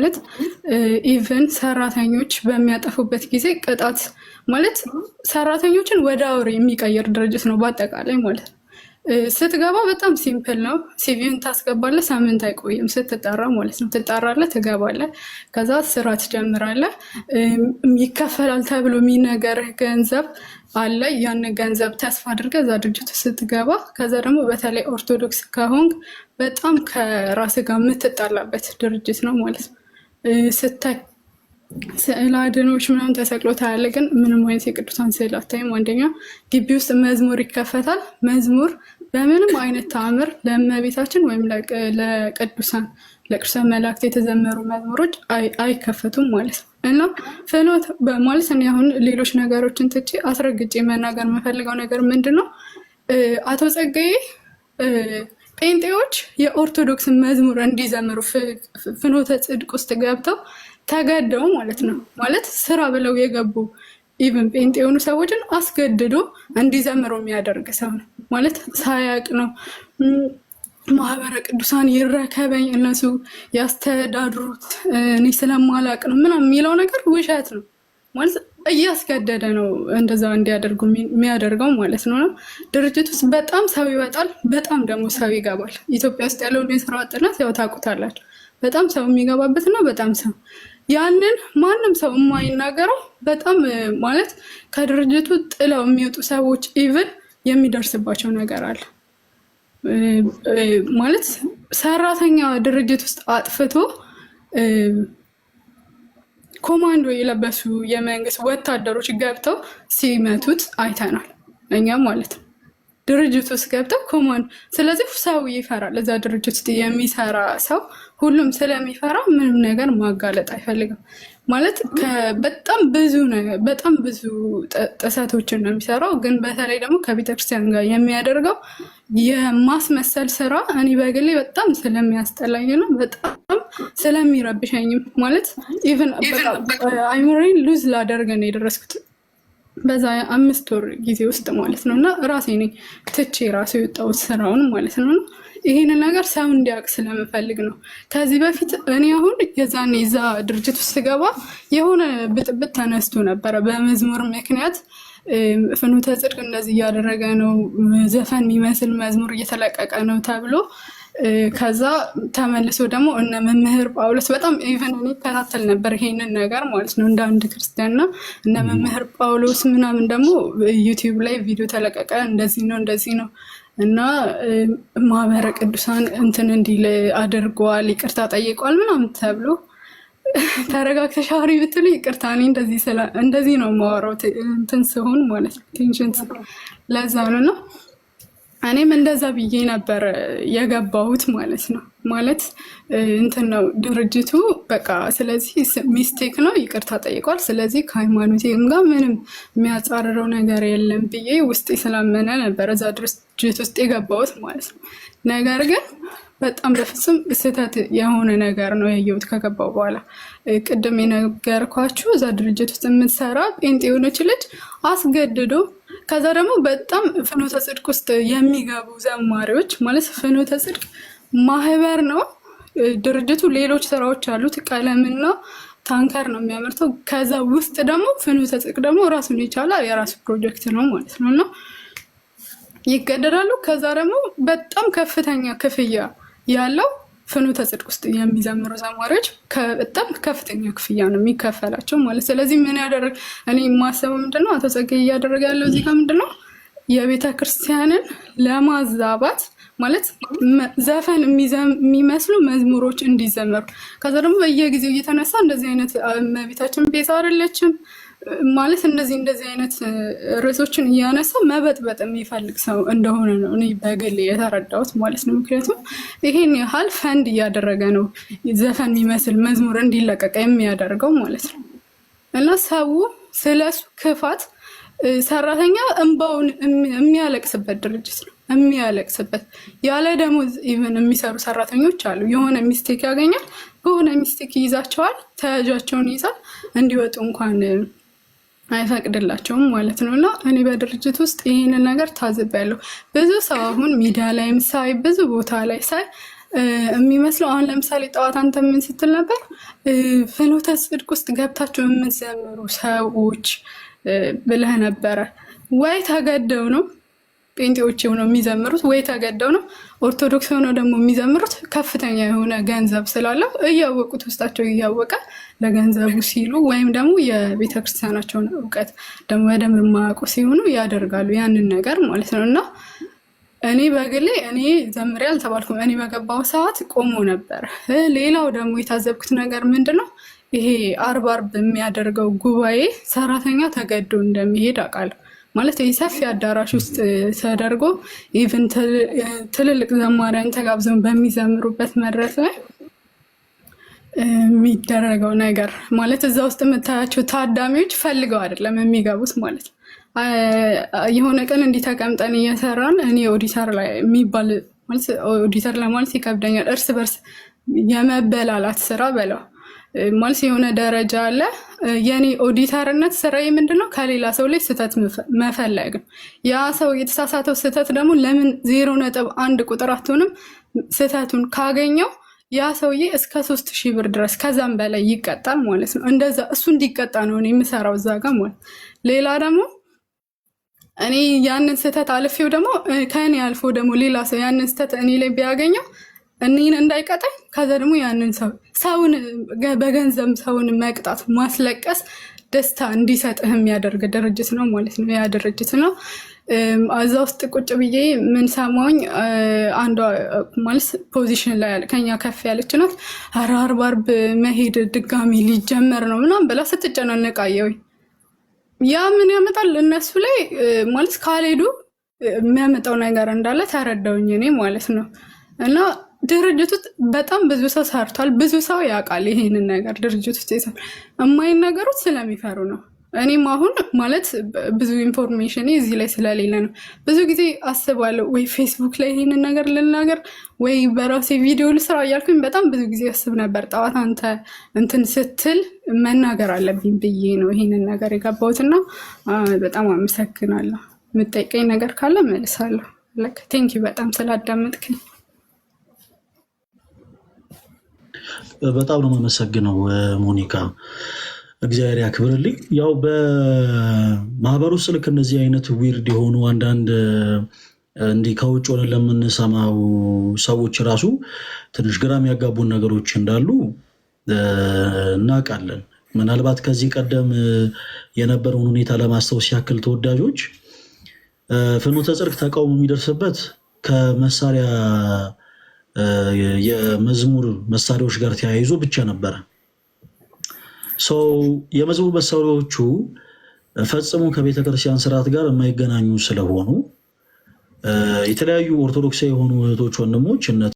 ማለት ኢቨን ሰራተኞች በሚያጠፉበት ጊዜ ቅጣት ማለት ሰራተኞችን ወደ አውሬ የሚቀየር ድርጅት ነው በአጠቃላይ ማለት ነው። ስትገባ በጣም ሲምፕል ነው። ሲቪን ታስገባለ፣ ሳምንት አይቆይም ስትጠራ ማለት ነው። ትጠራለ፣ ትገባለ፣ ከዛ ስራ ትጀምራለ። ይከፈላል ተብሎ የሚነገር ገንዘብ አለ። ያን ገንዘብ ተስፋ አድርገ እዛ ድርጅቱ ስትገባ፣ ከዛ ደግሞ በተለይ ኦርቶዶክስ ከሆንክ በጣም ከራስ ጋር የምትጣላበት ድርጅት ነው ማለት ነው። ስታይ ስዕል አድኖች ምናምን ተሰቅሎ ታያለ። ግን ምንም አይነት የቅዱሳን ስዕል አታይም። አንደኛ ግቢ ውስጥ መዝሙር ይከፈታል። መዝሙር በምንም አይነት ተአምር ለእመቤታችን ወይም ለቅዱሳን ለቅዱሳን መላእክት የተዘመሩ መዝሙሮች አይከፈቱም ማለት ነው። እና ፍኖት በማለት እኔ አሁን ሌሎች ነገሮችን ትቼ አስረግጬ መናገር የምፈልገው ነገር ምንድን ነው አቶ ጸጋዬ ጴንጤዎች የኦርቶዶክስን መዝሙር እንዲዘምሩ ፍኖተ ጽድቅ ውስጥ ገብተው ተገደው ማለት ነው ማለት ስራ ብለው የገቡ ኢቭን ጴንጤ የሆኑ ሰዎችን አስገድዶ እንዲዘምሩ የሚያደርግ ሰው ነው ማለት ሳያቅ ነው። ማህበረ ቅዱሳን ይረከበኝ፣ እነሱ ያስተዳድሩት፣ እኔ ስለማላቅ ነው ምናምን የሚለው ነገር ውሸት ነው። ማለት እያስገደደ ነው እንደዛ እንዲያደርጉ የሚያደርገው ማለት ነው። ድርጅት ውስጥ በጣም ሰው ይወጣል፣ በጣም ደግሞ ሰው ይገባል። ኢትዮጵያ ውስጥ ያለውን የስራ አጥነት ያው ታውቁታላችሁ። በጣም ሰው የሚገባበትና በጣም ሰው ያንን ማንም ሰው የማይናገረው በጣም ማለት ከድርጅቱ ጥለው የሚወጡ ሰዎች ኢቭን የሚደርስባቸው ነገር አለ ማለት ሰራተኛ ድርጅት ውስጥ አጥፍቶ ኮማንዶ የለበሱ የመንግስት ወታደሮች ገብተው ሲመቱት አይተናል። እኛም ማለት ነው ድርጅት ውስጥ ገብተው ኮማንዶ። ስለዚህ ሰው ይፈራል። እዛ ድርጅት ውስጥ የሚሰራ ሰው ሁሉም ስለሚፈራ ምንም ነገር ማጋለጥ አይፈልግም። ማለት በጣም ብዙ በጣም ብዙ ጥሰቶችን ነው የሚሰራው። ግን በተለይ ደግሞ ከቤተክርስቲያን ጋር የሚያደርገው የማስመሰል ስራ እኔ በግሌ በጣም ስለሚያስጠላኝ ነው በጣም ስለሚረብሸኝም ማለት ኢቨን አይምሮዬን ሉዝ ላደርግ ነው የደረስኩት በዛ አምስት ወር ጊዜ ውስጥ ማለት ነው። እና ራሴ ነኝ ትቼ ራሴ የወጣሁት ስራውን ማለት ነው። እና ነገር ሰው እንዲያውቅ ስለምፈልግ ነው። ከዚህ በፊት እኔ አሁን የዛን የዛ ድርጅት ውስጥ ስገባ የሆነ ብጥብጥ ተነስቶ ነበረ በመዝሙር ምክንያት ፍኖተ ጽድቅ እንደዚህ እያደረገ ነው፣ ዘፈን የሚመስል መዝሙር እየተለቀቀ ነው ተብሎ ከዛ ተመልሶ ደግሞ እነ መምህር ጳውሎስ በጣም ኢቨን እኔ ይከታተል ነበር ይሄንን ነገር ማለት ነው እንደ አንድ ክርስቲያንና እነ መምህር ጳውሎስ ምናምን ደግሞ ዩቲዩብ ላይ ቪዲዮ ተለቀቀ፣ እንደዚህ ነው እንደዚህ ነው እና ማህበረ ቅዱሳን እንትን እንዲል አድርጓል፣ ይቅርታ ጠይቋል ምናምን ተብሎ ተረጋግተሽ አውሪ ብትሉ ይቅርታ እንደዚህ ነው የማወራው እንትን ስሆን ማለት ነው ቴንሽን ለዛ ነው ነው እኔም እንደዛ ብዬ ነበር የገባሁት ማለት ነው። ማለት እንትን ነው ድርጅቱ በቃ። ስለዚህ ሚስቴክ ነው ይቅርታ ጠይቋል። ስለዚህ ከሃይማኖቴም ጋር ምንም የሚያጻርረው ነገር የለም ብዬ ውስጤ ስላመነ ነበር እዛ ድርጅት ውስጥ የገባሁት ማለት ነው። ነገር ግን በጣም በፍጹም ስህተት የሆነ ነገር ነው ያየሁት ከገባው በኋላ። ቅድም የነገርኳችሁ እዛ ድርጅት ውስጥ የምትሰራ ጴንጤ የሆነች ልጅ አስገድዶ ከዛ ደግሞ በጣም ፍኖተ ጽድቅ ውስጥ የሚገቡ ዘማሪዎች ማለት ፍኖተ ጽድቅ ማህበር ነው ድርጅቱ። ሌሎች ስራዎች አሉት፣ ቀለምና ታንከር ነው የሚያመርተው። ከዛ ውስጥ ደግሞ ፍኖተ ጽድቅ ደግሞ ራሱን የቻለ የራሱ ፕሮጀክት ነው ማለት ነው እና ይገደዳሉ። ከዛ ደግሞ በጣም ከፍተኛ ክፍያ ያለው ፍኖተ ጽድቅ ውስጥ የሚዘምሩ ዘማሪዎች በጣም ከፍተኛ ክፍያ ነው የሚከፈላቸው ማለት። ስለዚህ ምን ያደረግ እኔ የማሰበው ምንድነው አቶ ጸጋዬ እያደረገ ያለው እዚህ ጋር ምንድነው የቤተ ክርስቲያንን ለማዛባት ማለት ዘፈን የሚመስሉ መዝሙሮች እንዲዘመሩ ከዛ ደግሞ በየጊዜው እየተነሳ እንደዚህ አይነት እመቤታችን ቤዛ አይደለችም ማለት እንደዚህ እንደዚህ አይነት ርዕሶችን እያነሳ መበጥበጥ የሚፈልግ ሰው እንደሆነ ነው እኔ በግል የተረዳሁት ማለት ነው። ምክንያቱም ይሄን ያህል ፈንድ እያደረገ ነው ዘፈን የሚመስል መዝሙር እንዲለቀቀ የሚያደርገው ማለት ነው። እና ሰው ስለሱ ክፋት ሰራተኛ እንባውን የሚያለቅስበት ድርጅት ነው የሚያለቅስበት ያለ ደሞዝ ኢቨን የሚሰሩ ሰራተኞች አሉ። የሆነ ሚስቴክ ያገኛል፣ በሆነ ሚስቴክ ይይዛቸዋል፣ ተያዣቸውን ይይዛል እንዲወጡ እንኳን አይፈቅድላቸውም ማለት ነው። እና እኔ በድርጅት ውስጥ ይህን ነገር ታዝቤያለሁ። ብዙ ሰው አሁን ሚዲያ ላይም ሳይ ብዙ ቦታ ላይ ሳይ የሚመስለው አሁን ለምሳሌ ጠዋት አንተ ምን ስትል ነበር? ፍኖተ ጽድቅ ውስጥ ገብታችሁ የምትዘምሩ ሰዎች ብለህ ነበረ ወይ ተገደው ነው ጴንጤዎች ሆነው የሚዘምሩት ወይ ተገደው ነው፣ ኦርቶዶክስ ሆነው ደግሞ የሚዘምሩት ከፍተኛ የሆነ ገንዘብ ስላለው እያወቁት ውስጣቸው እያወቀ ለገንዘቡ ሲሉ ወይም ደግሞ የቤተክርስቲያናቸውን እውቀት ደግሞ በደንብ የማያውቁ ሲሆኑ ያደርጋሉ ያንን ነገር ማለት ነው። እና እኔ በግሌ እኔ ዘምሬ አልተባልኩም። እኔ በገባው ሰዓት ቆሞ ነበር። ሌላው ደግሞ የታዘብኩት ነገር ምንድን ነው? ይሄ አርብ አርብ የሚያደርገው ጉባኤ ሰራተኛ ተገዶ እንደሚሄድ አውቃለሁ። ማለት ሰፊ አዳራሽ ውስጥ ተደርጎ ኢቭን ትልልቅ ዘማሪያን ተጋብዘን በሚዘምሩበት መድረክ ላይ የሚደረገው ነገር ማለት እዛ ውስጥ የምታያቸው ታዳሚዎች ፈልገው አይደለም የሚገቡት ማለት የሆነ ቀን እንዲህ ተቀምጠን እየሰራን እኔ ኦዲተር ላይ የሚባል ኦዲተር ለማለት ይከብደኛል። እርስ በርስ የመበላላት ስራ በለው ማለት የሆነ ደረጃ አለ። የኔ ኦዲተርነት ስራዬ ምንድን ነው? ከሌላ ሰው ላይ ስህተት መፈለግ ነው። ያ ሰው የተሳሳተው ስህተት ደግሞ ለምን ዜሮ ነጥብ አንድ ቁጥር አትሆንም? ስህተቱን ካገኘው ያ ሰውዬ እስከ ሶስት ሺህ ብር ድረስ ከዛም በላይ ይቀጣል ማለት ነው። እንደዛ እሱ እንዲቀጣ ነው እኔ የምሰራው እዛ ጋ ማለት ሌላ ደግሞ እኔ ያንን ስህተት አልፌው ደግሞ ከእኔ አልፎ ደግሞ ሌላ ሰው ያንን ስህተት እኔ ላይ ቢያገኘው እኔን እንዳይቀጣኝ ከዛ ደግሞ ያንን ሰው ሰውን በገንዘብ ሰውን መቅጣት ማስለቀስ ደስታ እንዲሰጥህ የሚያደርግ ድርጅት ነው ማለት ነው። ያ ድርጅት ነው። እዛ ውስጥ ቁጭ ብዬ ምን ሰማሁኝ? አንዷ ማለት ፖዚሽን ላይ ከኛ ከፍ ያለች ናት። ኧረ አርብ መሄድ ድጋሚ ሊጀመር ነው ምናምን ብላ ስትጨናነቅ አየሁኝ። ያ ምን ያመጣል እነሱ ላይ ማለት ካልሄዱ የሚያመጣው ነገር እንዳለ ተረዳውኝ እኔ ማለት ነው እና ድርጅት ውስጥ በጣም ብዙ ሰው ሰርቷል። ብዙ ሰው ያውቃል ይሄንን ነገር ድርጅት ውስጥ የሰው ስለሚፈሩ ነው። እኔም አሁን ማለት ብዙ ኢንፎርሜሽን እዚህ ላይ ስለሌለ ነው። ብዙ ጊዜ አስባለሁ ወይ ፌስቡክ ላይ ይሄንን ነገር ልናገር ወይ በራሴ ቪዲዮ ልስራ እያልኩኝ በጣም ብዙ ጊዜ አስብ ነበር። ጠዋት አንተ እንትን ስትል መናገር አለብኝ ብዬ ነው ይህንን ነገር የገባሁት እና በጣም አመሰግናለሁ። የምጠይቀኝ ነገር ካለ መልሳለሁ። ቴንኪ በጣም ስላዳመጥክኝ። በጣም ነው የማመሰግነው ሞኒካ፣ እግዚአብሔር ያክብርልኝ። ያው በማህበር ውስጥ ልክ እነዚህ አይነት ዊርድ የሆኑ አንዳንድ እንዲህ ከውጭ ሆነ ለምንሰማው ሰዎች ራሱ ትንሽ ግራ የሚያጋቡን ነገሮች እንዳሉ እናውቃለን። ምናልባት ከዚህ ቀደም የነበረውን ሁኔታ ለማስታወስ ያክል ተወዳጆች ፍኖተ ጽድቅ ተቃውሞ የሚደርስበት ከመሳሪያ የመዝሙር መሳሪያዎች ጋር ተያይዞ ብቻ ነበረ። ሰው የመዝሙር መሳሪያዎቹ ፈጽሞ ከቤተ ክርስቲያን ስርዓት ጋር የማይገናኙ ስለሆኑ የተለያዩ ኦርቶዶክሳዊ የሆኑ እህቶች ወንድሞች እነ